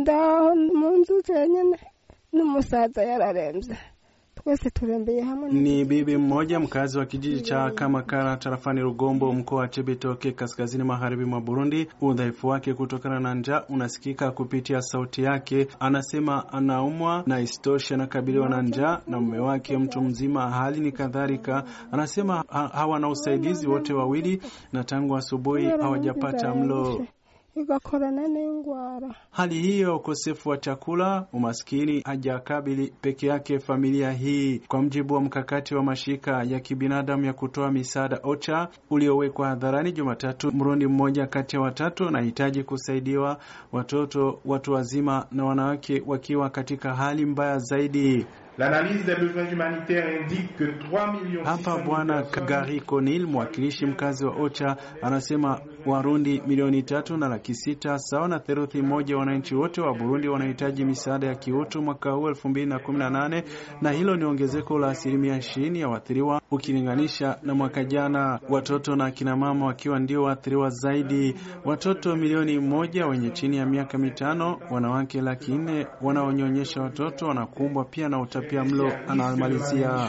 ndaho n'umusaza yararembye twese turembeye hamwe. Ni bibi mmoja mkazi wa kijiji cha Kamakara tarafani Rugombo mkoa wa Chibitoke kaskazini magharibi mwa Burundi. Udhaifu wake kutokana na njaa unasikika kupitia sauti yake. Anasema anaumwa na istoshi anakabiliwa na njaa na mume wake mtu mzima, hali ni kadhalika. Anasema hawana usaidizi wote wawili, na tangu asubuhi hawajapata mlo igakorana n'ingwara. Hali hiyo ya ukosefu wa chakula, umaskini hajakabili peke yake familia hii. Kwa mjibu wa mkakati wa mashirika ya kibinadamu ya kutoa misaada OCHA uliowekwa hadharani Jumatatu, Mrundi mmoja kati ya watatu anahitaji kusaidiwa, watoto, watu wazima na wanawake wakiwa katika hali mbaya zaidi. Hapa Bwana Kagari Konil, mwakilishi mkazi wa OCHA, anasema Warundi milioni tatu na laki sita sawa na theluthi moja wananchi wote wa Burundi wanahitaji misaada ya kiutu mwaka huu 2018 na hilo ni ongezeko la asilimia ishirini ya waathiriwa ukilinganisha na mwaka jana, watoto na akinamama wakiwa ndio waathiriwa zaidi. Watoto milioni moja wenye chini ya miaka mitano, wanawake laki nne wanaonyonyesha watoto wanakumbwa pia na utapia mlo, anamalizia.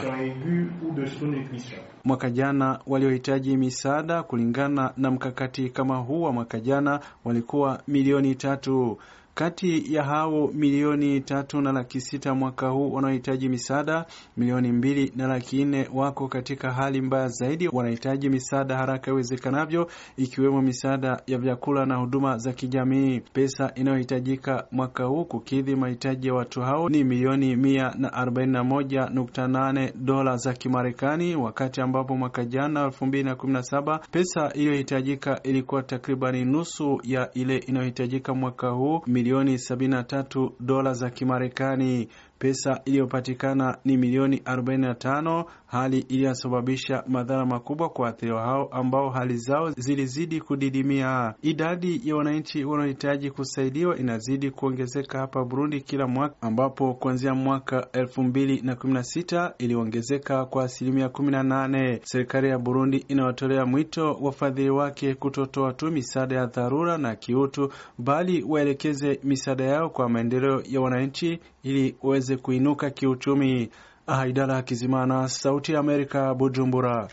Mwaka jana waliohitaji misaada kulingana na mkakati kama huu wa mwaka jana walikuwa milioni tatu. Kati ya hao milioni tatu na laki sita mwaka huu wanaohitaji misaada, milioni mbili na laki nne wako katika hali mbaya zaidi, wanahitaji misaada haraka iwezekanavyo, ikiwemo misaada ya vyakula na huduma za kijamii. Pesa inayohitajika mwaka huu kukidhi mahitaji ya watu hao ni milioni mia na arobaini na moja nukta nane dola za Kimarekani, wakati ambapo mwaka jana elfu mbili na kumi na saba pesa iliyohitajika ilikuwa takribani nusu ya ile inayohitajika mwaka huu milioni 73 dola za Kimarekani Pesa iliyopatikana ni milioni 45, hali iliyosababisha madhara makubwa kwa waathiriwa hao ambao hali zao zilizidi kudidimia. Idadi ya wananchi wanaohitaji kusaidiwa inazidi kuongezeka hapa Burundi kila mwaka, ambapo kuanzia mwaka 2016 iliongezeka kwa asilimia 18. Serikali ya Burundi inawatolea mwito wafadhili wake kutotoa tu misaada ya dharura na kiutu, bali waelekeze misaada yao kwa maendeleo ya wananchi ili waweze kuinuka kiuchumi. Haidara ah, Kizimana, Sauti ya Amerika, Bujumbura.